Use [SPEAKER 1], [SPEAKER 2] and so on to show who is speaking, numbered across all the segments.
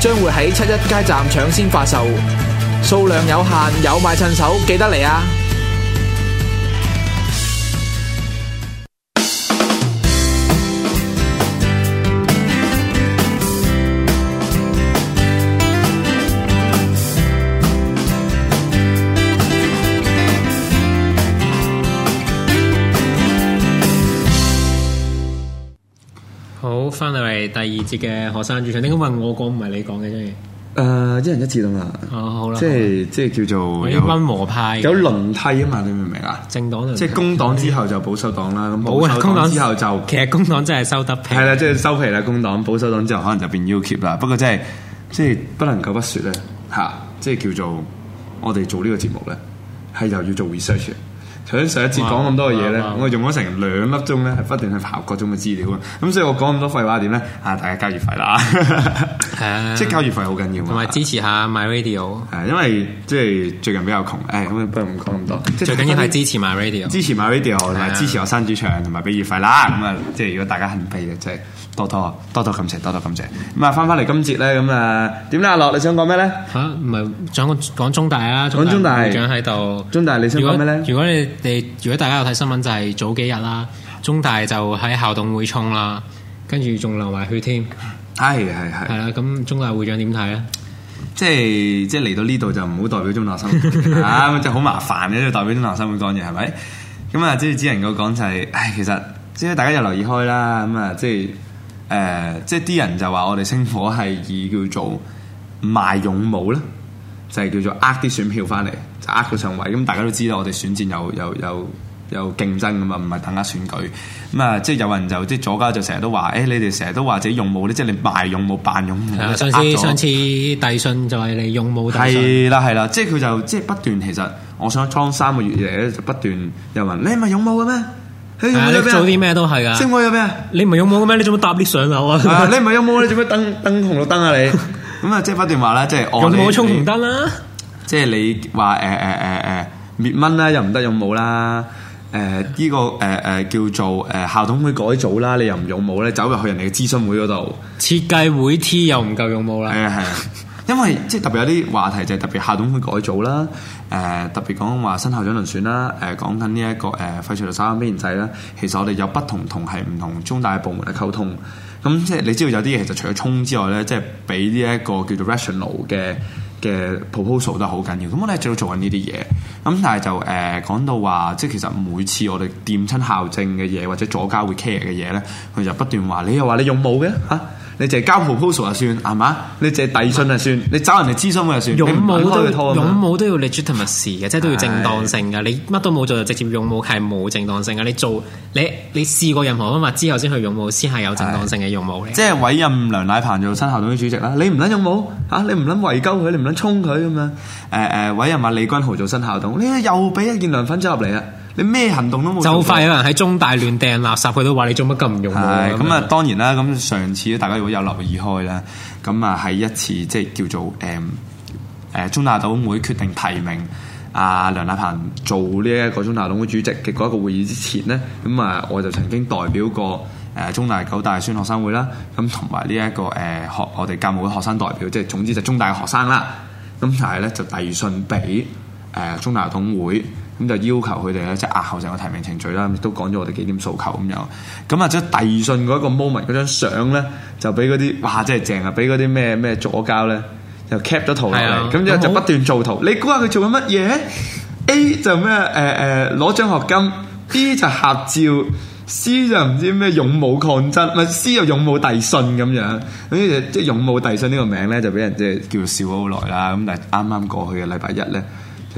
[SPEAKER 1] 將會喺七一街站搶先發售，數量有限，有買趁手，記得嚟啊！
[SPEAKER 2] 翻嚟第二節嘅學生主場，點解問我講唔係你講嘅啫？
[SPEAKER 1] 誒、呃，一人一次啦嘛。哦、好
[SPEAKER 2] 啦，即係
[SPEAKER 1] 即係叫做有温和派，有輪替啊嘛，你明唔明啊？政黨即係工黨之後就保守黨啦，咁、嗯、保守黨之後就,黨就其實工黨真係收得平。係啦，即、就、係、是、收皮啦，工黨保守黨之後可能就變 Ukip 啦。不過真係即係不能夠不說咧，吓、啊，即、就、係、是、叫做我哋做個節呢個節目咧，係又要做 research 嘅。喺上一節講咁多嘅嘢咧，我用咗成兩粒鐘咧，係不斷去刨各種嘅資料啊。咁所以我講咁多廢話點咧？啊，大家交月費啦！係啊，即係交月費好緊要同埋支持下 My Radio。係，因為即係最近比較窮，誒，咁啊，不用講咁多。最緊要係支持 My Radio，支持 My Radio 同埋支持學生主場，同埋俾月費啦。咁啊，即係如果大家肯俾嘅，即係多多多多感謝，多多感謝。咁啊，翻返嚟今節咧，咁啊，點咧？阿樂，你想講咩咧？嚇，唔係想講中大啊？講中大長喺
[SPEAKER 2] 度。中大你想講咩咧？如果你你如果大家有睇新聞，就係、是、早幾日啦，中大就喺校董會衝啦，跟住仲流埋血添，係係係，係啦咁，中大
[SPEAKER 1] 會長點睇咧？即係即係嚟到呢度就唔好代表中大生， 啊，就好麻煩嘅，就代表中大生去講嘢，係咪？咁啊，即係只只能夠講就係、是，唉，其實即係大家有留意開啦，咁啊、呃，即係誒，即係啲人就話我哋星火係以叫做賣勇武咧，就係、是、叫做呃啲選票翻嚟。呃，佢上位，咁大家都知道我哋選戰有有有有競爭㗎嘛，唔係等下選舉咁啊，即係有人就即係左家就成日都話，誒、欸、你哋成日都話自己勇武咧，即係你賣勇武、扮勇武、嗯，上。上次上次
[SPEAKER 2] 遞信就係你勇武。係
[SPEAKER 1] 啦係啦，即係佢就即係不斷其實，我想裝三個月嘢就不斷有人：「你唔係勇武嘅咩、欸啊？你做啲咩都係啊！正我有咩？你唔係勇武嘅咩？你做咩搭啲上樓啊？你唔係勇武你做咩？登燈紅綠燈啊！你咁啊， 啊，即係不斷話啦，即係勇 武衝紅燈啦！啊即係你話誒誒誒誒滅蚊啦，又唔得用武啦。誒、這、依個誒誒、呃、叫做誒、呃、校董會改組啦，你又唔用武咧，走入去人哋嘅諮詢會嗰度設計會 T 又唔夠用武啦。係啊係啊，嗯嗯嗯、 因為即係特別有啲話題就係特別校董會改組啦。誒、呃、特別講話新校長遴選啦。誒講緊呢一個誒、呃、廢除學生編制啦。其實我哋有不同同係唔同中大部門嘅溝通。咁即係你知道有啲嘢，其實除咗衝之外咧，即係俾呢一個叫做 rational 嘅。嘅 proposal 都好緊要，咁我咧就做緊呢啲嘢，咁但係就誒講、呃、到話，即係其實每次我哋掂親校正嘅嘢或者左交會 care 嘅嘢咧，佢就不斷話：「你又話你用冇嘅吓？啊」你淨係交 proposal 就算，係嘛？你淨係遞信就算，是你找人哋諮詢嘅就算。勇武都要，勇武都要 legitimacy 嘅，即係都要正當
[SPEAKER 2] 性嘅。的你乜都冇做就直接勇武係冇正當性嘅。你做你你試過任何
[SPEAKER 1] 方法之後先去勇武，先係有正當性嘅勇武。即係委任梁乃鵬做新校董主席啦，你唔諗勇武嚇？啊？你唔諗圍毆佢，你唔諗衝佢咁樣？誒、呃、誒，委任埋李君豪做新校董，你又俾一件梁粉入嚟啊！你咩行動都冇做，就快有人喺中大亂掟垃圾，佢都話你做乜咁用？咁啊樣！當然啦，咁上次大家如果有留意開咧，咁啊喺一次即係、就是、叫做誒誒、嗯呃、中大校董會決定提名阿、啊、梁大鵬做呢一個中大校董會主席嘅嗰一個會議之前咧，咁啊我就曾經代表過誒、呃、中大九大選學生會啦，咁同埋呢一個誒、呃、學我哋教務會學生代表，即、就、係、是、總之就中大嘅學生啦，咁但係咧就遞信俾誒中大校董會。咁就要求佢哋咧，即係押後成個提名程序啦，都講咗我哋幾點訴求咁樣。咁或者遞信嗰個 moment 嗰張相咧，就俾嗰啲哇真係正啊！俾嗰啲咩咩左膠咧，就 cap 咗圖咁之的後就，好就不斷做圖。你估下佢做緊乜嘢？A 就咩誒誒攞獎學金，B 就合照，C 就唔知咩勇武抗爭，咪 C 又勇武遞信咁樣。好似即係勇武遞信呢個名咧，就俾人即係叫笑咗好耐啦。咁但係啱啱過去嘅禮拜一咧。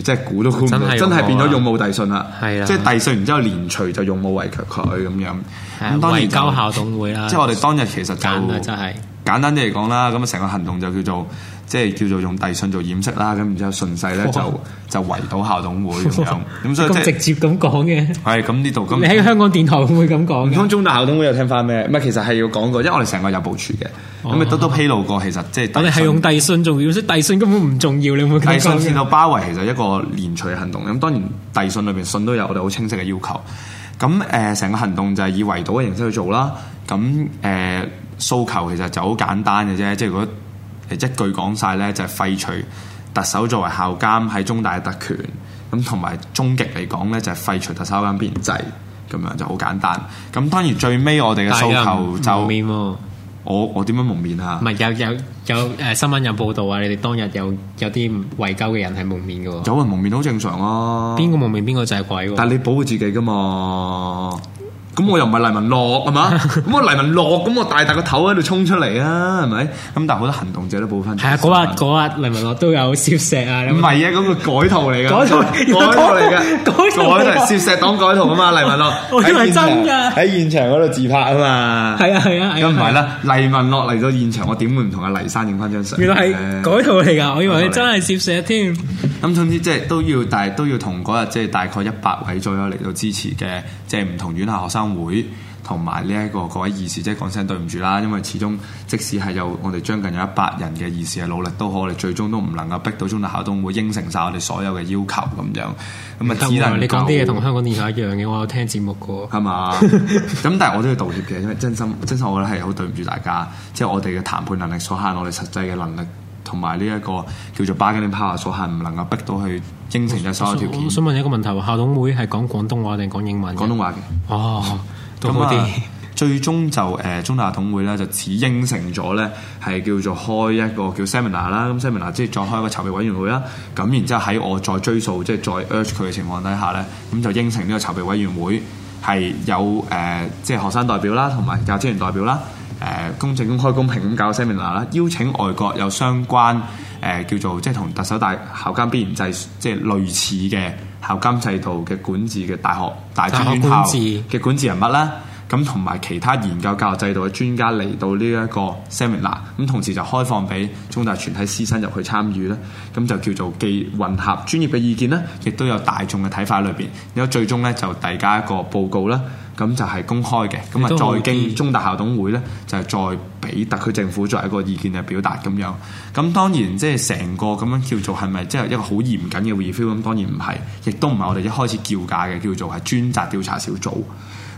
[SPEAKER 1] 即係估都估唔到，真係變咗勇武遞信啦。的即係遞信，然之後連隨就勇武圍佢咁樣。咁的當然交校董會啦。即係我哋當日其實減啦，真係。簡單啲嚟講啦，咁啊成個行動就叫做即係叫做用遞信做掩飾啦，咁然之後順勢咧就、哦、就圍堵校董會咁、哦、樣。咁所以直接咁講嘅，係咁呢度。你喺香港電台會唔會咁講？香港中大校董會又聽翻咩？唔係，其實係要講過，因為我哋成個有部署嘅，咁啊都都披露過。其實即係我哋係用遞信做掩飾，遞信根本唔重要。你冇遞信先到包圍，其實一個連隨行動。咁當然遞信裏邊信都有，我哋好清晰嘅要求。咁誒，成個行動就係以圍堵嘅形式去做啦。咁誒。呃訴求其實就好簡單嘅啫，即係如果一句講晒咧，就係、是、廢除特首作為校監喺中大嘅特權，咁同埋終極嚟講咧，就係廢除特首監編制，咁樣就好簡單。咁當然最尾我哋嘅訴求就面我我點樣蒙面啊？唔係有有有
[SPEAKER 2] 誒新聞有報導啊，你哋當日有有啲維交嘅人係蒙面嘅喎，
[SPEAKER 1] 有人蒙面好正常咯、啊。邊個蒙面邊個就係鬼喎、啊？但係你保護自己嘅嘛。咁我又唔係黎文樂係嘛，咁我黎文樂咁我大大個頭喺度衝出嚟啊，係咪？咁但係好多行動者都補翻。係啊，嗰日嗰日黎文樂都有攝石啊。唔係啊，咁佢改圖嚟㗎。改圖改圖嚟
[SPEAKER 2] 噶，改圖係攝石黨改圖啊嘛，黎文樂。我以為真噶，
[SPEAKER 1] 喺現場嗰度自拍啊嘛。係啊係啊。咁唔係啦，黎文樂嚟到現場，我點會唔同阿黎生影翻張相？原來係改圖嚟噶，我以為真係攝石添。咁總之，即係都要大，都要同嗰日即係大概一百位左右嚟到支持嘅，即係唔同院校學生會同埋呢一個各位議事，即係講聲對唔住啦，因為始終即使係有我哋將近有一百人嘅議事嘅努力，都好，我哋最終都唔能夠逼到中大校董會應承晒我哋所有嘅要求咁樣。咁啊、嗯，但係你講啲嘢同香港電視一樣嘅，我有聽節目個。係嘛？咁但係我都要道歉嘅，因為真心 真心，我覺得係好對唔住大家，即係我哋嘅談判能力所限，我哋實際嘅能力。同埋呢一個叫做 bargaining power 所限，唔能夠逼到去應承咗所有條件我。我想問一個問題喎，校董會係講廣東話定講英文？廣東話嘅。哦、oh，咁好啲。最終就誒、呃、中大校董會咧，就只應承咗咧，係叫做開一個叫 seminar 啦。咁 seminar 即係再開一個籌備委員會啦。咁然之後喺我再追訴，即、就、係、是、再 urge 佢嘅情況底下咧，咁就應承呢個籌備委員會係有誒，即、呃、係、就是、學生代表啦，同埋教職員代表啦。誒公正、公開、公平咁搞 seminar 啦，邀請外國有相關誒、呃、叫做即係同特首大校監必然制即係類似嘅校監制度嘅管治嘅大學大專院校嘅管治人物啦。咁同埋其他研究教育制度嘅專家嚟到呢一個 seminar，咁同時就開放俾中大全體師生入去參與咧，咁就叫做既混合專業嘅意見咧，亦都有大眾嘅睇法裏邊，咁最終咧就遞交一個報告咧，咁就係公開嘅，咁啊也再經中大校董會咧就係再俾特區政府作為一個意見嘅表達咁樣。咁當然即係成個咁樣叫做係咪即係一個好嚴謹嘅 review？咁當然唔係，亦都唔係我哋一開始叫價嘅，叫做係專責調查小組。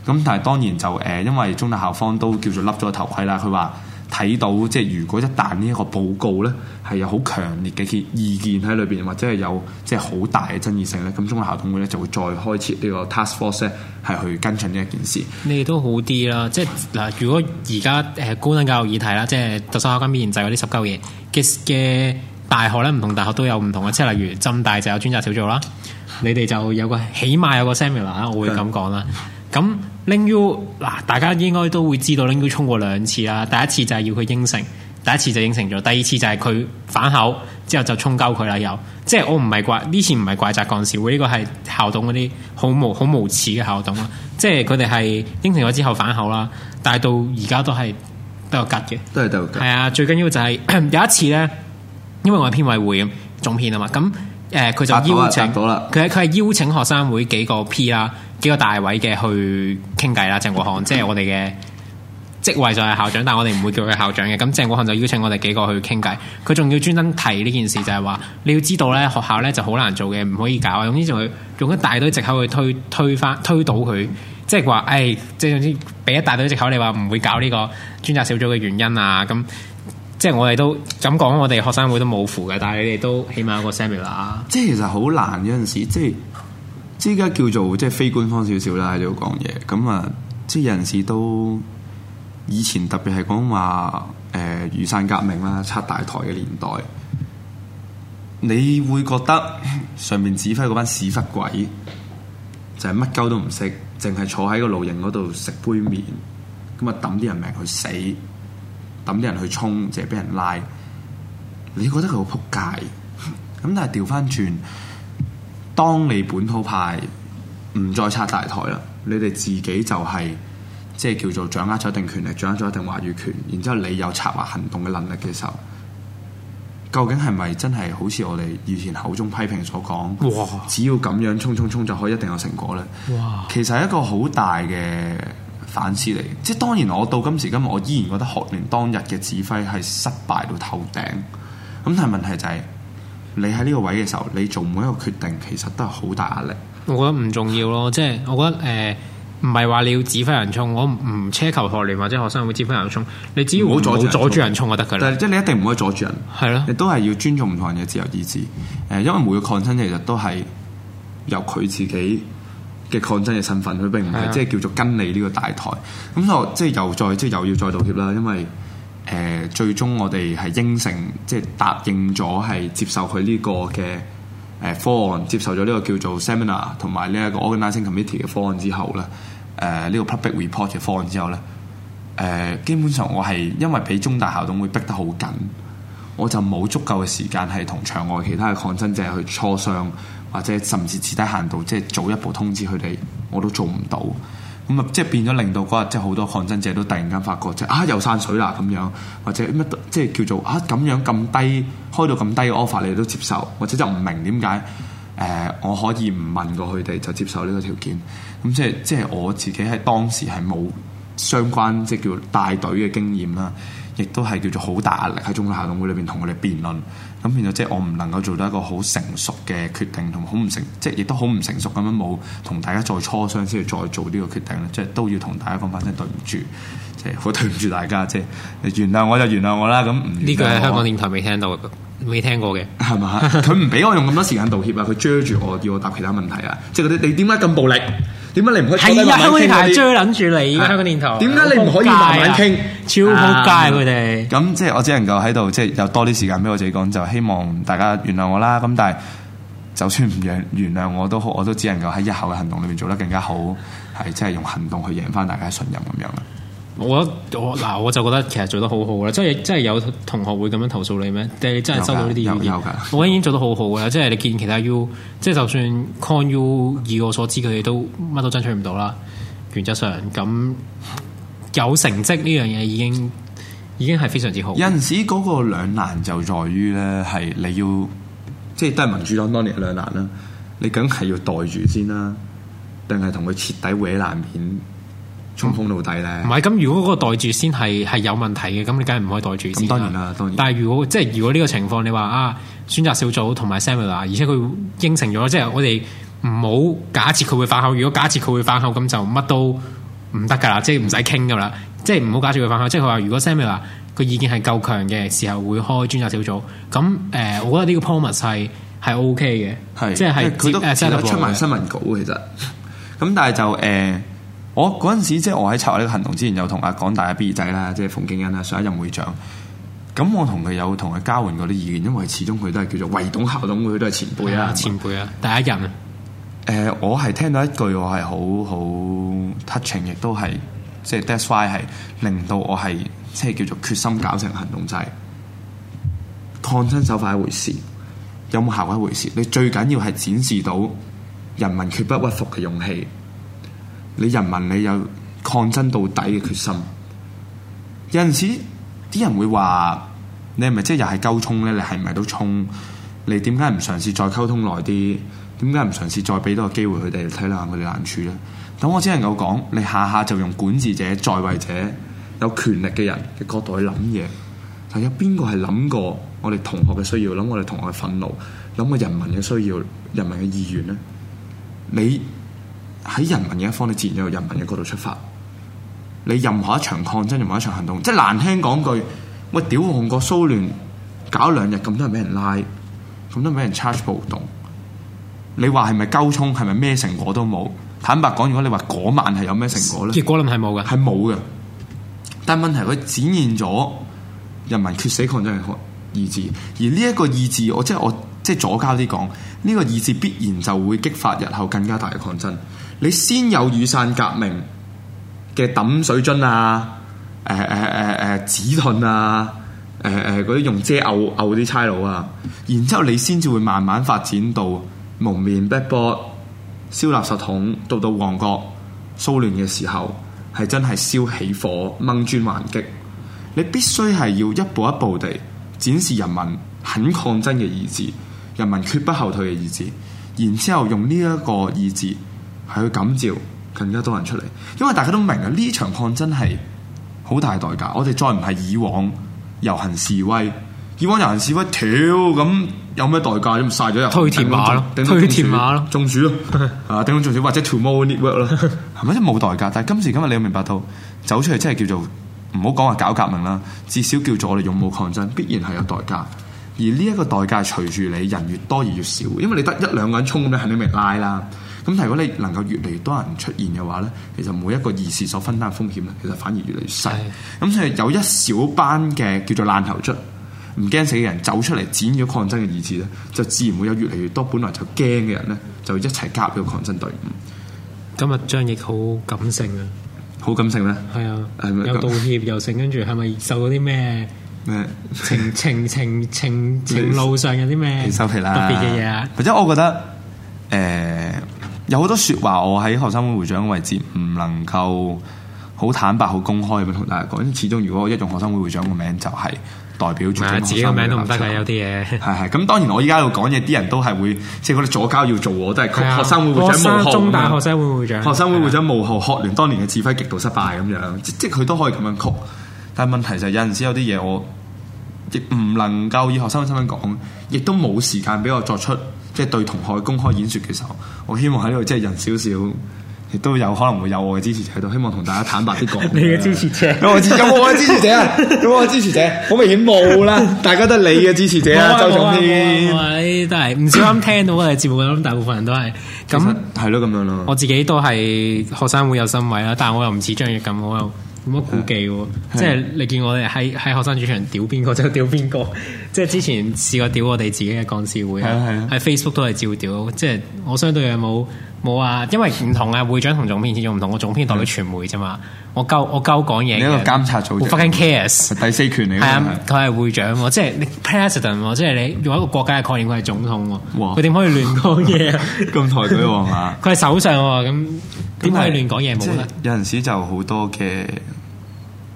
[SPEAKER 1] 咁但係當然就誒，因為中大校方都叫做笠咗個頭盔啦。佢話睇到即係如果一旦呢一個報告咧係有好強烈嘅意見喺裏邊，或者係有即係好大嘅爭議性咧，咁中大校董會咧就會再開設呢個 task force 咧係去跟進呢一件事。
[SPEAKER 2] 你哋都好啲啦，即係嗱，如果而家誒高等教育議題啦，即係特首校監面制嗰啲十九嘢嘅大學咧，唔同大學都有唔同嘅，即係例如浸大就有專責小組啦。你哋就有個起碼有個 similar 我會咁講啦。咁的拎 U 嗱，大家應該都會知道拎 U 衝過兩次啦。第一次就係要佢應承，第一次就應承咗。第二次就係佢反口，之後就衝鳩佢啦。又即係我唔係怪呢次唔係怪責幹事會，呢、呢個係校董嗰啲好無好無恥嘅校董啊！即係佢哋係應承咗之後反口啦，但係到而家都係都有吉嘅，都係都係啊，最緊要就係 有一次咧，因為我係編委會咁總編啊嘛。咁誒佢就邀請，佢係佢係邀請學生會幾個 P 啦。幾個大位嘅去傾偈啦，鄭國漢，即係我哋嘅職位就係校長，但係我哋唔會叫佢校長嘅。咁鄭國漢就邀請我哋幾個去傾偈，佢仲要專登提呢件事，就係、是、話你要知道咧，學校咧就好難做嘅，唔可以搞，咁呢種佢用一大堆借口去推推翻推倒佢，即係話，誒、哎，即係總之俾一大堆借口你話唔會搞呢個專責小組嘅原因啊，咁即係我哋都咁講，我哋學生會都冇符嘅，但係你哋都起碼有個 seminar 啊，
[SPEAKER 1] 即係其實好難有陣時，即係。依家叫做即係非官方少少啦喺度講嘢，咁啊即係有陣時都以前特別係講話誒，雨傘革命啦，拆大台嘅年代，你會覺得上面指揮嗰班屎忽鬼就係乜鳩都唔識，淨係坐喺個露營嗰度食杯麵，咁啊抌啲人命去死，抌啲人去衝，淨係俾人拉，你覺得佢好撲街，咁但係調翻轉。當你本土派唔再拆大台啦，你哋自己就係，即係叫做掌握咗一定權力，掌握咗一定話語權，然之後你有策劃行動嘅能力嘅時候，究竟係咪真係好似我哋以前口中批評所講？哇！只要咁樣衝衝衝就可以一定有成果呢？哇！其實係一個好大嘅反思嚟。即係當然，我到今時今日，我依然覺得學聯當日嘅指揮係失敗到透頂。咁但係問題就係。你喺呢個位嘅時候，你做每一個決定，其實都係好大壓力。
[SPEAKER 2] 我覺得唔重要咯，即係我覺得誒，唔係話你要指揮人衝，我唔奢求學
[SPEAKER 1] 聯或者學生會指揮人衝，你只要唔好阻住人衝就得㗎喇。但係即係你一定唔可以阻住人，係咯的？你都係要尊重唔同人嘅自由意志。誒，因為每個抗爭其實都係由佢自己嘅抗爭嘅身份，佢並唔係即係叫做跟你呢個大台。咁我即係又再即係又要再道歉啦，因為。誒、呃、最終我哋係應承，即係答應咗係接受佢呢、呢個嘅誒方案，接受咗呢個叫做 seminar 同埋呢一個 organizing committee 嘅方案之後咧，誒、呃、呢、呢個 public report 嘅方案之後咧，誒、呃、基本上我係因為俾中大校董會逼得好緊，我就冇足夠嘅時間係同場外其他嘅抗爭者去磋商，或者甚至至低限度即係早一步通知佢哋，我都做唔到。咁啊，即係變咗令到嗰日即係好多抗爭者都突然間發覺即係啊又散水啦咁樣，或者乜即係叫做啊咁樣咁低開到咁低嘅 offer 你都接受，或者就唔明點解誒我可以唔問過佢哋就接受呢個條件？咁即係即係我自己喺當時係冇相關即係、就是、叫帶隊嘅經驗啦。亦都係叫做好大壓力喺中大校董會裏邊同我哋辯論，咁然後即係我唔能夠做到一個好成熟嘅決定，同好唔成，即係亦都好唔成熟咁樣冇同大家再磋商先至再做呢個決定咧，即係都要同大家講翻，即係對唔住，即係好對唔住大家啫。即係原諒我就原諒我啦，咁呢個係香港電台未聽到，未聽過嘅係嘛？佢唔俾我用咁多時間道歉啊！佢追住我要我答其他問題啊！即係嗰啲你點解咁暴力？點解你唔可以同佢香港電台追諗住你，
[SPEAKER 2] 香港年頭。點解你唔可以慢慢哋傾？啊、超扑街佢
[SPEAKER 1] 哋。咁、啊、們即係我只能夠喺度，即係有多啲時間俾我自己講，就希望大家原諒我啦。咁但係，就算唔原原諒我都，好，我都只能夠喺日後嘅行動裏面做得更加好，係即係用行動去贏翻大家信任咁樣啦。我我嗱，我就覺得其實做得好好啦，即係即係有同學會咁樣投訴你咩？
[SPEAKER 2] 定你真係收到呢啲意見？有有有有，我已經做得好好啦，即係你見其他 U，即係就算 Con 控 U，以我所知佢哋都乜都爭取唔到啦。原則上咁有成績呢樣嘢已經已經係非常之好的。
[SPEAKER 1] 有陣時嗰個兩難就在於咧，係你要即係都係民主黨當年兩難啦，你梗係要袋住先啦、啊，定係同佢徹底搲爛片，衝鋒到底咧，唔
[SPEAKER 2] 係咁。如果個袋住先係係有問題嘅，咁你梗係唔可以袋住先。咁當然啦，當然。
[SPEAKER 1] 但係如果即係如
[SPEAKER 2] 果呢個情況，你話啊，選擇小組同埋 Samuel，而且佢應承咗，即係我哋唔好假設佢會反口。如果假設佢會反口，咁就乜都唔得噶啦，即係唔使傾噶啦，即係唔好假設佢反口。即係佢話，如果 Samuel 個意見係夠強嘅時候，會開專責小組。咁誒、呃，我覺得呢個 promise 係係 OK 嘅，是即係佢出埋新
[SPEAKER 1] 聞稿其實。咁 但係就誒。呃我嗰陣時，即係我喺策劃呢個行動之前，有同阿港大阿 B 仔啦，即係馮敬恩啦，上一任會長。咁我同佢有同佢交換過啲意見，因為始終佢都係叫做唯統校董，佢都係前輩啊，嗯、是是前輩啊，第一任。誒、呃，我係聽到一句我係好好 touching，亦都係即係 that's why 係令到我係即係叫做決心搞成行動制。抗爭手法一回事，有冇效一回事，你最緊要係展示到人民決不屈服嘅勇氣。你人民你有抗爭到底嘅決心，有陣時啲人會話你係咪即係又係溝通咧？你係咪都衝？你點解唔嘗試再溝通耐啲？點解唔嘗試再俾多個機會佢哋睇下佢哋難處咧？咁我只能夠講，你下下就用管治者、在位者、有權力嘅人嘅角度去諗嘢，但有邊個係諗過我哋同學嘅需要？諗我哋同學嘅憤怒，諗我人民嘅需要、人民嘅意願咧？你？喺人民嘅一方，你自然有人民嘅角度出發。你任何一場抗爭，任何一場行動，即係難聽講句，喂，屌韓國蘇聯搞兩日咁多人俾人拉，咁多俾人 charge 暴動。你話係咪溝通？係咪咩成果都冇？坦白講，如果你話嗰晚係有咩成果咧，結果咧係冇嘅，係冇嘅。但問題佢展現咗人民決死抗爭嘅意志，而呢一個意志，我即係我即係左交啲講，呢個意志必然就會激發日後更加大嘅抗爭。你先有雨傘革命嘅抌水樽啊，誒誒誒誒紙盾啊，誒誒嗰啲用遮嘔嘔啲差佬啊，然之後你先至會慢慢發展到蒙面 Black Bloc 燒垃圾桶，到到旺角騷亂嘅時候係真係燒起火掹磚還擊。你必須係要一步一步地展示人民很抗爭嘅意志，人民決不後退嘅意志，然之後用呢一個意志。係去感召更加多人出嚟，因為大家都明啊，呢場抗爭係好大代價。我哋再唔係以往遊行示威，以往遊行示威，屌咁有咩代價啫？晒咗入去田馬咯，推田馬咯，中暑咯，係啊，頂到中暑或者條毛 network 咯， 係咪都冇代價？但係今時今日，你又明白到走出去，真係叫做唔好講話搞革命啦，至少叫做我哋勇武抗爭，必然係有代價。而呢一個代價，隨住你人越多而越，越少，因為你得一兩個人衝咁樣，肯定咪拉啦。咁，如果你能夠越嚟越多人出現嘅話咧，其實每一個議事所分擔風險咧，其實反而越嚟越細。咁所以有一小班嘅叫做爛頭卒，唔驚死嘅人走出嚟剪咗抗爭嘅意志咧，就自然會有越嚟越多本來就驚嘅人咧，就一齊加入抗爭隊伍。
[SPEAKER 2] 今日張翼好感性啊，
[SPEAKER 1] 好感性咧，係啊，有
[SPEAKER 2] 道歉又剩。跟住係咪受咗啲咩咩情 情情情情，情路上有啲咩特別嘅嘢啊？
[SPEAKER 1] 或者 我覺得誒。呃有好多説話，我喺學生會會長位置唔能夠好坦白、好公開咁同大家講。因始終如果我一用學生會會長個名，就係代表住、啊、自己個名都唔得有啲嘢係係。咁當然我依家要講嘢，啲人都係會即係嗰啲左膠要做，我都係屈學生會會,會長，中大學生會會長，學生會會長幕後的學聯當年嘅指揮極度失敗咁樣，即即佢都可以咁樣屈。但問題就係、是、有陣時有啲嘢我亦唔能夠以學生嘅身份講，亦都冇時間俾我作出。即係對同學公開演説嘅時候，我希望喺呢度即係人少少，亦都有可能會有我嘅支持者喺度。希望同大家坦白啲講， 你嘅支持者，有冇 我嘅支持者啊？有冇我嘅支持者？好明顯冇啦，大家都係你嘅支持者啊，周總，啲
[SPEAKER 2] 位都係唔少啱聽到我哋 節目嘅，大部分人都係咁，
[SPEAKER 1] 係咯，咁樣咯。我
[SPEAKER 2] 自己都係學生會有身位啦，但係我又唔似張翼咁，我又。冇乜顧忌喎，的即係你見我哋喺喺學生主場屌邊個就屌邊個， 即係之前試過屌我哋自己嘅幹事會啊，喺 Facebook 都係照屌，的即係我相對有冇。冇啊，因為唔同啊，會長同總編始終唔同。我總編代表傳媒啫嘛，我夠我夠講嘢。你一個監察組織。我 fucking
[SPEAKER 1] cares 第四權嚟
[SPEAKER 2] 嘅。啊，佢係會長， 即係你 president，哇即係你用一個國家嘅概念，佢係總統。哇！佢點可以亂講嘢啊？咁抬舉皇馬。
[SPEAKER 1] 佢係首相，咁點可以亂講嘢冇啦？是有陣時就好多嘅，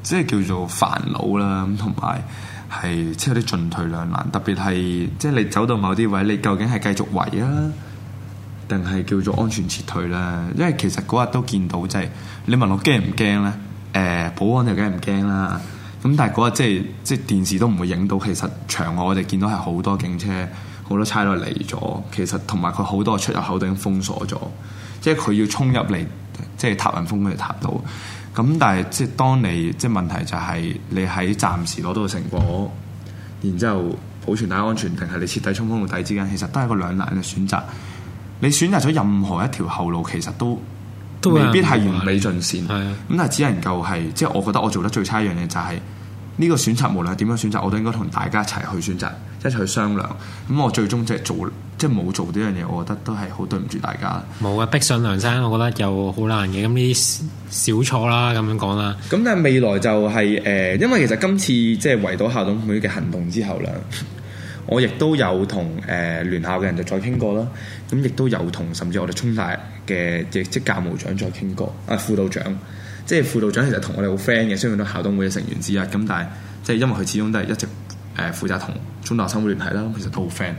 [SPEAKER 1] 即係叫做煩惱啦，咁同埋係即係啲進退兩難，特別係即係你走到某啲位，你究竟係繼續圍啊？定係叫做安全撤退啦，因為其實嗰日都見到，即係你問我驚唔驚呢？誒、呃，保安又梗係唔驚啦。咁但係嗰日即係即係電視都唔會影到，其實場外我哋見到係好多警車、好多差佬嚟咗。其實同埋佢好多出入口都已經封鎖咗，即係佢要衝入嚟，即係踏雲峯嘅踏到。咁但係即係當你即係問題就係你喺暫時攞到成果，然之後保存大家安全，定係你徹底衝鋒到底之間，其實都係一個兩難嘅選擇。你選擇咗任何一條後路，其實都未必係完美盡善。咁但係只能夠係，即、就、係、是、我覺得我做得最差一樣嘢就係、是、呢、這個選擇，無論係點樣選擇，我都應該同大家一齊去選擇，一齊去商量。咁我最終即係做，即係冇做呢樣嘢，我覺得都係好對唔住大家。
[SPEAKER 2] 冇嘅，逼上梁山，我覺得又好難嘅。咁呢啲小錯啦，咁樣講啦。咁但係
[SPEAKER 1] 未來就係、是、誒、呃，因為其實今次即係圍堵校董會嘅行動之後啦。我亦都有同誒、呃、聯校嘅人就再傾過啦，咁亦都有同甚至我哋中大嘅即職教務長再傾過，啊輔導長，即輔導長其實同我哋好 friend 嘅，雖然都校董會嘅成員之一，咁但係即因為佢始終都係一直誒、呃、負責同中大生活聯繫啦，其實都好 friend、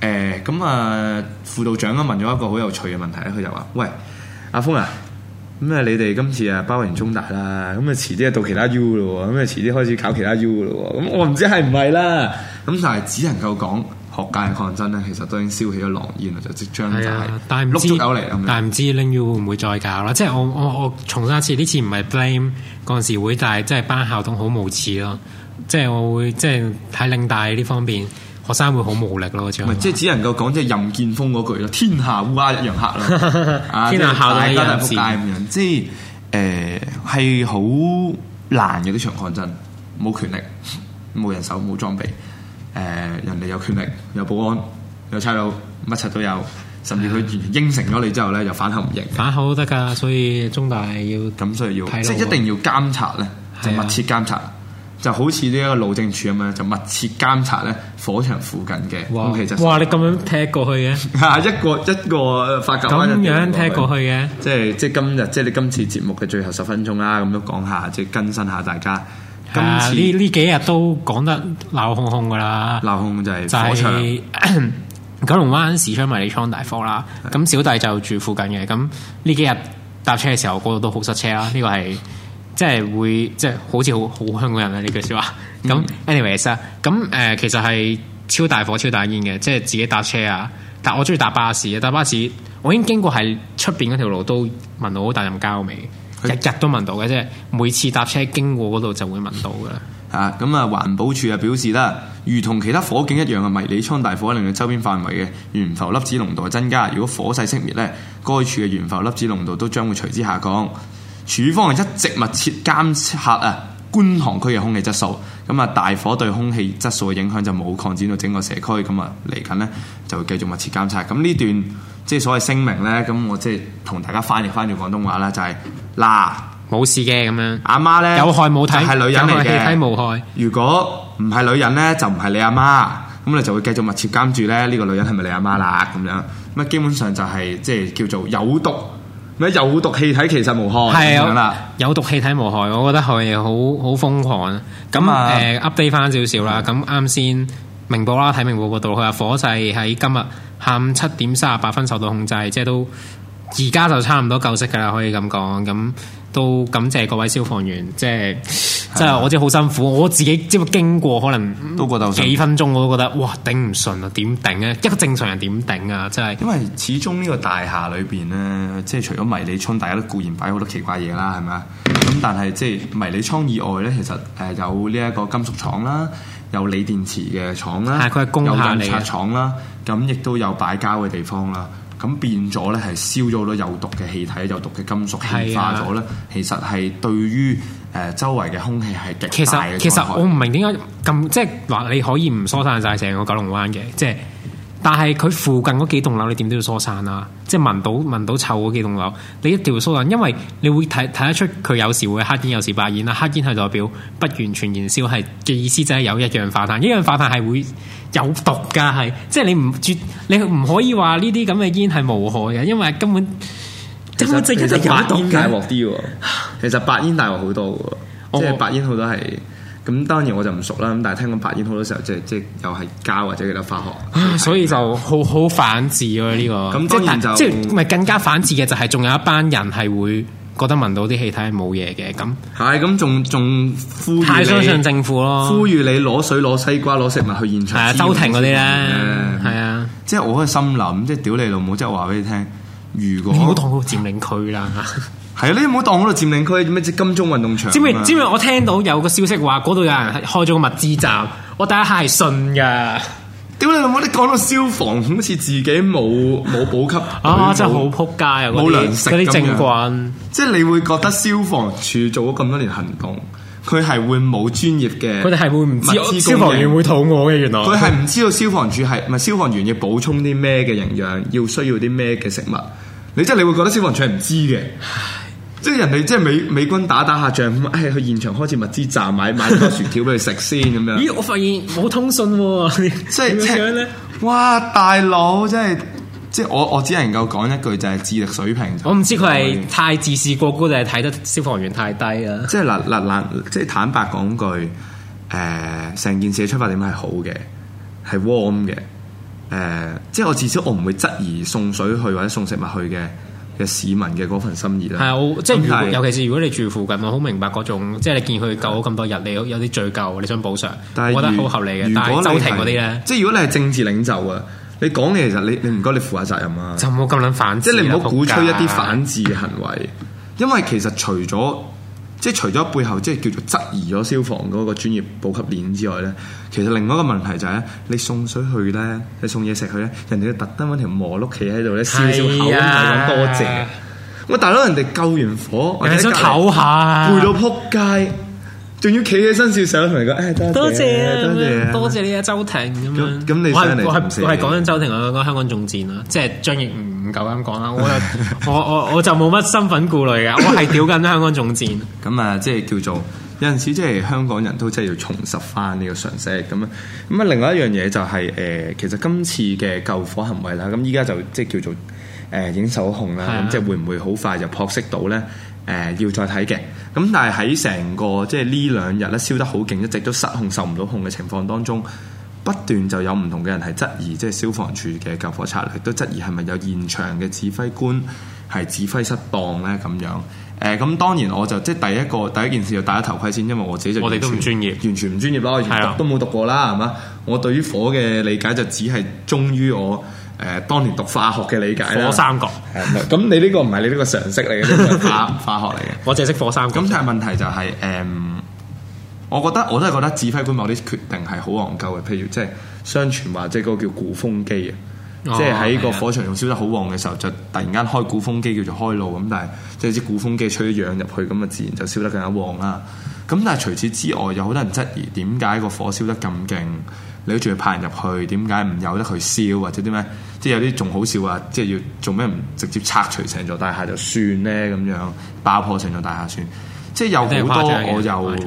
[SPEAKER 1] 呃。誒咁啊，輔導長啊問咗一個好有趣嘅問題咧，佢就話：喂，阿峰啊！咁啊你哋今次啊包圍中大啦，咁啊遲啲到其他 U 咯，咁啊遲啲開始搞其他 U 咯，咁我唔知係唔係啦。咁 但係只能夠講學界抗爭咧，其實都已經燒起咗狼煙啦，就即將就係、是。係啊，但係唔
[SPEAKER 2] 知，但係唔知 Ling U 會唔會再搞啦？即係我我我重申一次，呢次唔係 blame 嗰陣時會,會，但係即係班校董好無恥咯。即係我會即係睇嶺大呢方面。
[SPEAKER 1] 學生會好無力咯，即係只能夠講即係任建峰嗰句咯，天下烏鴉一樣黑咯， 天下大家都是人，即係誒係好難嘅啲長巷陣，冇權力、冇人手、冇裝備，誒、呃、人哋有權力、有保安、有差佬，乜柒都有，甚至佢應承咗你之後咧，又 反口唔認， 反口都得噶，所以中大要咁所以要，即、就、係、是、一定要監察咧， 就密切監察。 就好似呢一個路政署咁樣，就密切監察咧火場附近嘅。哇！嗯、哇！你咁樣踢過去嘅嚇， 一個一個發掘翻咁樣踢過去嘅，即係即係今日，即係你今次節目嘅最後十分鐘啦，咁樣講下，即係更新下大家。
[SPEAKER 2] 今次
[SPEAKER 1] 呢、啊、幾日都講得鬧哄哄噶啦，鬧
[SPEAKER 2] 哄哄就係火場、就是，九龍灣時昌迷你倉大火啦。咁的小弟就住附近嘅，咁呢幾日搭車嘅時候，嗰、那、度、個、都好塞車啦。呢、這個係。即係會，即係好似好好香港人啊！呢句説話咁，anyways 啊，咁誒、 呃、其實係超大火、超大煙嘅，即係自己搭車啊！但我中意搭巴士啊，搭巴士我已經經過係出邊嗰條路都聞到好大陣焦味，他日日都聞到嘅，即係每次搭
[SPEAKER 1] 車經過嗰度就會聞到嘅。嚇、啊！咁啊，環保署啊表示啦，如同其他火警一樣，啊迷你倉大火令到周邊範圍嘅懸浮粒子濃度增加，如果火勢熄滅咧，該處嘅懸浮粒子濃度都將會隨之下降。署方一直密切監察啊，觀塘區嘅空氣質素。咁啊，大火對空氣質素嘅影響就冇擴展到整個社區。咁啊，嚟緊呢，就會繼續密切監察。咁呢段即係所謂聲明呢，咁我即係同大家翻譯翻譯廣東話啦，就係嗱冇事嘅咁樣。阿媽呢，有害氣體係女人嚟嘅，有害氣體無害。如果唔係女人呢，就唔係你阿媽。咁你就會繼續密切監住咧，呢個女人係咪你阿媽啦咁樣。咁基本上就係即係叫做有毒。有毒氣體其實無害，係啊！有毒氣體無害，我覺得
[SPEAKER 2] 係好好瘋狂啊！咁 update 翻少少啦。咁啱先明報啦，睇明報報道佢話火勢喺今日下午七點三十八分受到控制，即係都而家就差唔多夠息噶啦，可以咁講。咁都感謝各位消防員，即係。 真係我真係好辛苦，我自己知唔知經過可能都覺得幾分鐘我都覺得
[SPEAKER 1] 哇頂唔順啊！點頂啊！一個正常人點頂啊！真係因為始終呢個大廈裏邊咧，即係除咗迷你倉，大家都固然擺好多奇怪嘢啦，係咪啊？咁但係即係迷你倉以外咧，其實誒有呢一個金屬廠啦，有鋰電池嘅廠啦，佢有印刷廠啦，咁亦的都有擺膠嘅地方啦。咁變咗咧係燒咗好多有毒嘅氣體、有毒嘅金屬，氣化咗咧，的其實係對於，誒，
[SPEAKER 2] 周圍嘅空氣係極大嘅。其實其實我唔明點解咁，即係話你可以唔疏散晒成個九龍灣嘅，即係但係佢附近嗰幾棟樓你點都要疏散啊！即係聞到聞到臭嗰幾棟樓，你一定要疏散，因為你會睇睇得出佢有時會黑煙，有時白煙啦。黑煙係代表不完全燃燒係嘅意思，就係有一氧化碳。一氧化碳係會有毒㗎，係即係你唔絕你唔可以話呢啲咁嘅煙係無害嘅，因為根本實
[SPEAKER 1] 根本隻係其實白煙大話好多嘅，即係白煙好多係咁，當然我就唔熟啦。咁但係聽講白煙好多時候即係即係又係膠或者叫做化學，所以就好好反智咯呢個。咁當然即係唔係
[SPEAKER 2] 更加反智嘅，就係仲有一班人係會覺得聞到啲氣體係冇嘢嘅。咁係咁仲
[SPEAKER 1] 仲呼籲太相信政府咯，呼籲你攞水攞西瓜攞食物去現場。係啊，周庭嗰啲咧，係啊，即係我係心諗，即係屌你老母，即係話俾你聽，如果好當佢佔領區啦。係啊！你唔好當嗰度佔領區，咩？即金鐘運動場？知唔知？知
[SPEAKER 2] 唔知？我聽到有個消息話嗰度有人開咗個物資站，我第一下係信㗎。
[SPEAKER 1] 屌你，老母！你講到消防好似自己冇冇補給啊，沒啊！真係好撲街啊！冇糧糧食咁啊啲政棍，樣即係你會覺得消防處做咗咁多年行動，佢係會冇專業嘅。佢哋係會唔知消防員會肚餓嘅，原來佢係唔知道消防處係咪消防員要補充啲咩嘅營養，要需要啲咩嘅食物？你即係你會覺得消防處係唔知嘅。 即係人哋即係美美軍打打下仗，哎去現場開始物資站買買多個薯條俾佢食先咁樣。 咦，
[SPEAKER 2] 我發現冇通訊、啊即，即係點樣咧？
[SPEAKER 1] 哇，大佬，即係即係我我只能夠講一句就係、是、智力水平、就是。我唔知佢係太自視過高定係睇得消防員太低啊。即係嗱嗱嗱，即係坦白講句，誒、呃，成件事嘅出發點係好嘅，係 warm 嘅。誒、呃，即係我至少我唔會質疑送水去或者送食物去嘅。市民嘅嗰份心意啦，係啊，即係是尤其
[SPEAKER 2] 是如果你住附近，我好明白嗰種，即係
[SPEAKER 1] 你見佢救咗咁多日，
[SPEAKER 2] 你有啲罪疚，你想補償，
[SPEAKER 1] 但是我覺得好合理嘅。但係周庭嗰啲咧，即係如果你係政治領袖啊，你講嘅其實你你唔該你負下責任啊，就唔好咁捻反，即係你唔好鼓吹一啲反智嘅行為，家因為其實除咗。即係除咗背後即係叫做質疑咗消防嗰個專業補給鏈之外咧，其實另外一個問題就係、是、咧，你送水去咧，你送嘢食去咧，人哋要特登揾條磨碌企喺度咧，啊、笑笑口咁樣多謝。我大佬人哋救完火，人哋想唞下，攰到仆街。仲要企起身笑上同你講，誒，多謝啊，多謝啊，多
[SPEAKER 2] 謝你啊，周庭咁
[SPEAKER 1] 樣。咁你上嚟，我係我係講緊
[SPEAKER 2] 周庭啊，講香港總戰啦，即係張翼唔夠膽咁講啦，我
[SPEAKER 1] 我我我就冇乜身份顧慮嘅，我係屌緊香港總戰。咁啊，即係叫做有陣時，即係香港人都即係要重拾翻呢個常識咁啊。咁啊，另外一樣嘢就係誒，其實今次嘅救火行為啦，咁依家就即係叫做誒影手控啦，咁即係會唔會好快就撲熄到咧？誒要再睇嘅，咁但係喺成個即係呢兩日咧燒得好勁，一直都失控受唔到控嘅情況當中，不斷就有唔同嘅人係質疑，即係消防處嘅救火策略都質疑係咪有現場嘅指揮官係指揮失當呢？咁樣。誒、欸、咁當然我就即係第一個第一件事要戴咗頭盔先，因為我自己就完全我哋都唔專業，完全唔專業啦，我讀是啊、都冇讀過啦，係嘛？我對於火嘅理解就只係忠於我。誒、呃，當年讀化學嘅理解火三角。咁 你呢個唔係你呢個常識嚟嘅， 化化學嚟嘅。我凈係識火三角。咁但係問題就係、是，誒、 嗯，我覺得我都係覺得指揮官某啲決定係好戇鳩嘅。譬如即係相傳話即係嗰個叫鼓風機啊，oh,
[SPEAKER 2] 即係喺個火
[SPEAKER 1] 場用燒得好旺嘅時候，yeah. 就突然間開鼓風機叫做開路咁。但係即係啲鼓風機吹咗氧入去，咁啊自然就燒得更加旺啦。咁但係除此之外，有好多人質疑點解個火燒得咁勁？你仲要派人入去？點解唔由得佢燒或者啲咩？即係有啲仲好笑呀，即係要做咩唔直接拆除成座大廈就算呢，咁樣爆破成座大廈算？即係有好多，我就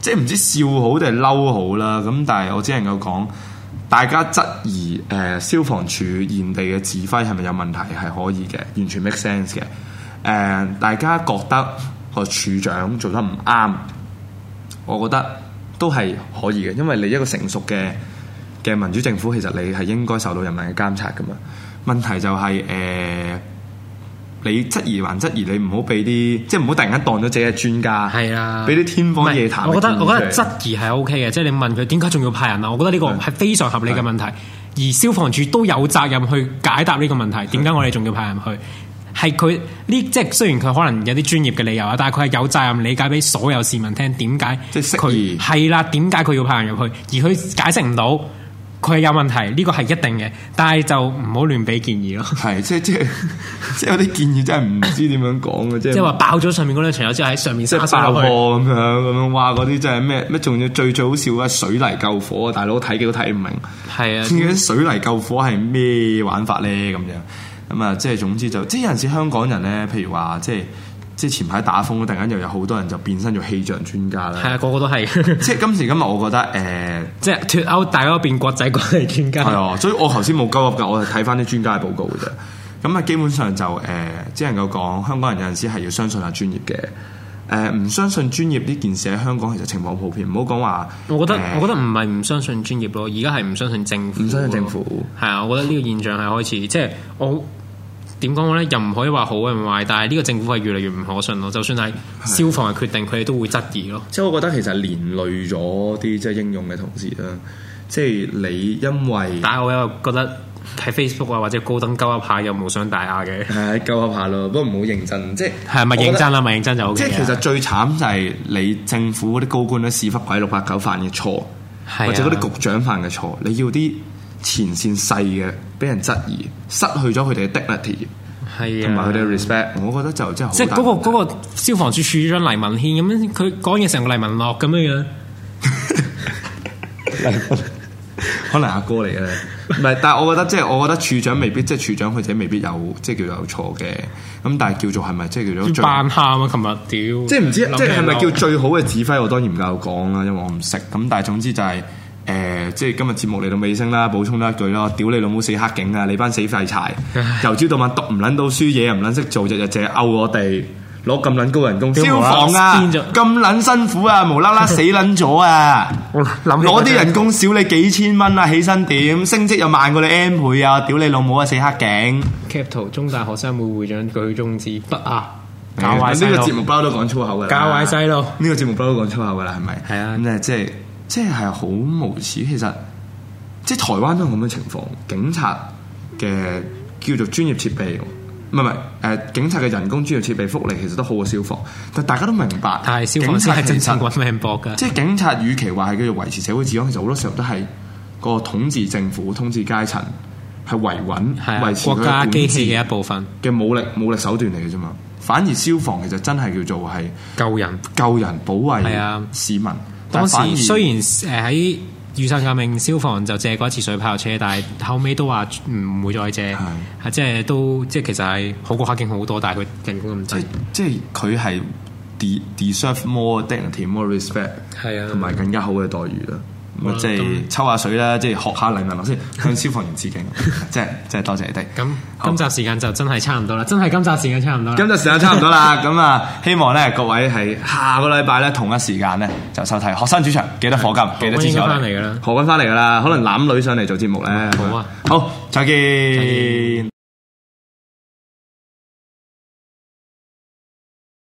[SPEAKER 1] 即係唔知笑好定係嬲好啦。咁但係我只能夠講，大家質疑誒、呃、消防處現地嘅指揮係咪有問題係可以嘅，完全 make sense 嘅。誒、呃，大家覺得個處長做得唔啱，我覺得。都係可以嘅，因為你一個成熟嘅嘅民主政府，其實你係應該受到人民嘅監察噶嘛。問題就係、是、誒、呃，你質疑還質疑，你唔好俾啲，即係唔好突然間當咗自己係專家，係啊，俾啲天方夜譚。我覺得議我覺得質
[SPEAKER 2] 疑係 OK 嘅，即、就、係、是、你問佢點解仲要派人啊？我覺得呢個係非常合理嘅問題，啊、而消防處都有責任去解答呢個問題。點解我哋仲要派人去？ 係佢呢，即係雖然佢可能有啲專業嘅理由啊，但係佢係有責任理解俾所有市民聽點解佢係啦，點解佢要派人入去，而佢解釋唔到，佢係有問題，呢個係一定嘅。但係就唔好亂俾建議咯。係即即
[SPEAKER 1] 即有啲建議真係唔知點樣講嘅，啫。即係話爆咗上面嗰兩友之後喺上面即係爆破咁樣咁樣，哇！嗰啲真係咩咩，仲要最最好笑嘅水泥救火啊！大佬睇幾都睇唔明，係啊，仲要水泥救火係咩玩法咧？咁樣。咁啊，即係總之就，即係有陣時香港人咧，譬如話，即係即係前排打風，突然間又有好多人就變身做氣象專家啦。係啊，個個都係。 即係今時今日，我覺得誒，呃、即係脫歐大家都變國際國際專家。係 啊，所以我頭先冇鳩噏㗎，我係睇翻啲專家嘅報告嘅啫。咁啊，基本上就誒，只能夠講香港人有陣時係要相信下專業嘅。誒、呃、唔相信專業呢件事喺香港其實情況普遍，唔好講話。我覺得、呃、我覺得唔係唔相信專業咯，而家係
[SPEAKER 2] 唔相信政府。唔相信政府，係啊，我覺得呢個現象係開始，即係我點講好咧？又唔可以話好同壞，但係呢個政府係越嚟越唔可信咯。就算係消防嘅決定，佢哋係嘅都會
[SPEAKER 1] 質疑咯。即係我覺得其實連累咗啲即係應用嘅同事啦。即係你，因為但係我又覺得喺 Facebook 啊，或者高登鳩下下又冇傷大雅嘅。係鳩下下咯，不過唔好認真，即係唔係認真啦，咪認真就好嘅。即係其實最慘就係你政府嗰啲高官咧屎忽鬼六八九犯嘅錯，是啊、或者嗰啲局長犯嘅錯，你要啲前線細嘅俾人質疑，失去咗佢哋嘅 dignity 係同埋佢哋嘅 respect，我覺得就真係即係嗰、嗰
[SPEAKER 2] 個、個消防署署長黎文軒咁樣，佢講嘢成個黎文樂咁樣樣。
[SPEAKER 1] 可能阿哥嚟嘅咧，唔係， 但係我覺得即係，就是、我覺得處長未必，即係 處長佢自己未必有，即係叫有錯嘅。咁但係叫做係咪，即係叫做,是是是
[SPEAKER 2] 叫做。扮喊啊！琴日屌，即係唔知，即係係咪叫最
[SPEAKER 1] 好嘅指揮？我當然唔夠講啦，因為我唔識。咁但係總之就係、是，誒、呃，即、就、係、是、今日節目嚟到尾聲啦，補充多一句咯，屌你老母死黑警啊！你班死廢柴， 由朝到晚讀唔捻到書嘢，又唔捻識做，日日淨係毆我哋。攞咁撚高人工，消防啊，咁撚辛苦啊，無啦啦死撚咗啊！攞啲人工少你幾千蚊啊，起薪點升職又慢過你 N 倍啊！屌你老母啊，死黑警！Cap 圖中大學生會會長舉中指不啊！教壞細路呢個節目包都講粗口嘅，教壞細路呢個節目包都講粗口嘅啦，係咪？係啊，咁誒即係即係係好無恥，其實即係台灣都係咁嘅情況，警察嘅叫做專業設備。唔係唔係，誒警察嘅人工、專業設備、福利其實都好過消防，但大家都明白，但消防警察係警察，
[SPEAKER 2] 係命搏㗎。即係
[SPEAKER 1] 警察，與其話係叫做維持社會治安，其實好多時候都係個統治政府、統治階層係維穩、維持，的維持國家機器嘅一部分嘅武力武力手段嚟嘅啫嘛。反而消防其實真係叫做係救人、救人，救人、保衞市民。的當時雖
[SPEAKER 2] 然誒喺。雨傘革命消防就借過一次水炮車，但係後尾都話唔會再借，係的即係都即係其實係
[SPEAKER 1] 好過黑警好多，但係佢人工咁低，即係佢係 de deserve more dignity，more respect，係啊的，同埋更加好嘅待遇啦。的即係抽下水啦，即係學下李文老先向消防員致敬，即係即係多謝你哋。咁今集時間就真係差唔多啦，真係今集時間差唔多。今集時間差唔多啦，咁啊，希望咧各位係下個禮拜咧同一時間咧就收睇《學生主場》。記得課金，記得支持翻嚟嘅啦。何君翻嚟嘅啦，可能攬女上嚟做節目咧？好啊！好，再見。